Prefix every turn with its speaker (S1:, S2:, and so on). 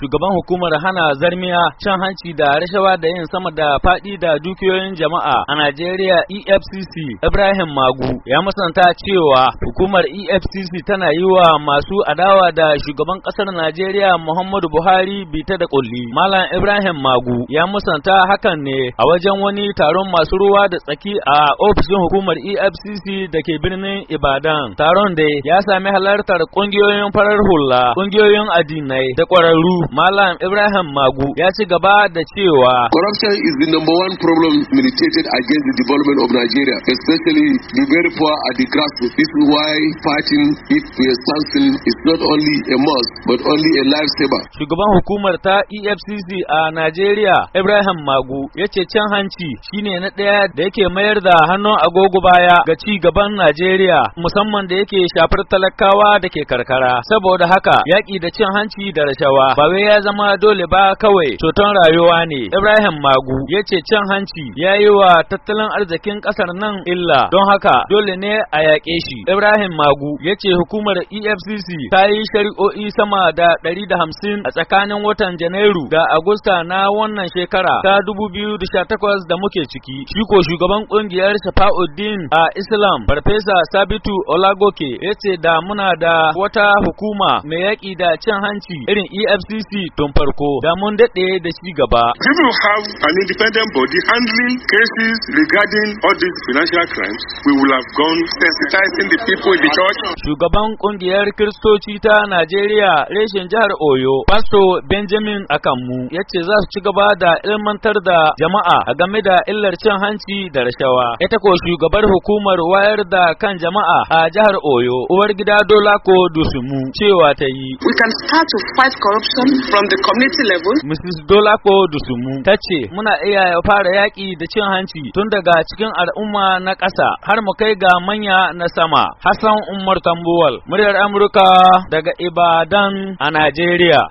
S1: Shugaban hukumar hana zarmiya cin hanci da rashawa da yin sama da faɗi da dukiyoyin jama'a a Najeriya EFCC Ibrahim Magu ya musanta cewa hukumar EFCC tana yi wa masu adawa da shugaban ƙasar Najeriya Muhammadu Buhari bita da kulli. Malam Ibrahim Magu ya musanta hakan ne a wajen wani taron masu ruwa da tsaki a ofishin hukumar EFCC da ke birnin Ibadan. Taron da ya sami halartar ƙungiyoyin farar hula, ƙungiyoyin addinai da ƙwararru Malam Ibrahim Magu ya ci gaba da cewa Corruption is the number one problem militated against the development of Nigeria, especially the very poor at the grassroots. This is why fighting it to a standstill is not only a must but only a lifesaver. Shugaban hukumar ta EFCC a Najeriya Ibrahim Magu ya ce can hanci shine na ɗaya da yake mayar da hannun agogo baya ga ci gaban Najeriya musamman da yake shafar talakawa da ke karkara. Saboda haka yaƙi da cin hanci da rashawa ba wai ya zama dole ba kawai ceton rayuwa ne Ibrahim Magu ya ce cin hanci ya yi wa tattalin arzikin ƙasar nan illa don haka dole ne a yaƙe shi Ibrahim Magu ya ce hukumar EFCC ta yi shari'o'i sama da da hamsin a tsakanin watan Janairu da Agusta na wannan shekara ta dubu 2018 da muke ciki shi ko shugaban ƙungiyar Shafa'uddin a Islam Farfesa Sabitu Olagoke ya ce da muna da wata hukuma mai yaƙi da cin hanci irin EFCC NDC tun farko da mun daɗe da shi gaba. We have an independent body handling cases regarding all these financial crimes. We will have gone sensitizing the people in the church. Shugaban ƙungiyar Kiristoci ta Najeriya reshen jihar Oyo, Pastor Benjamin Akamu, ya ce za su ci gaba da ilmantar da jama'a a game da illar cin hanci da rashawa. Ya ta ko shugabar hukumar wayar da kan jama'a a jihar Oyo, uwar gida Dolako Dusumu, cewa ta yi. We can start to fight corruption from the community level. Mrs. Dolapo Dusumu ta ce muna iya fara yaƙi da cin hanci tun daga cikin al'umma na ƙasa har mu kai ga manya na sama. Hassan Umar Tambuwal, muryar Amurka daga Ibadan a Najeriya.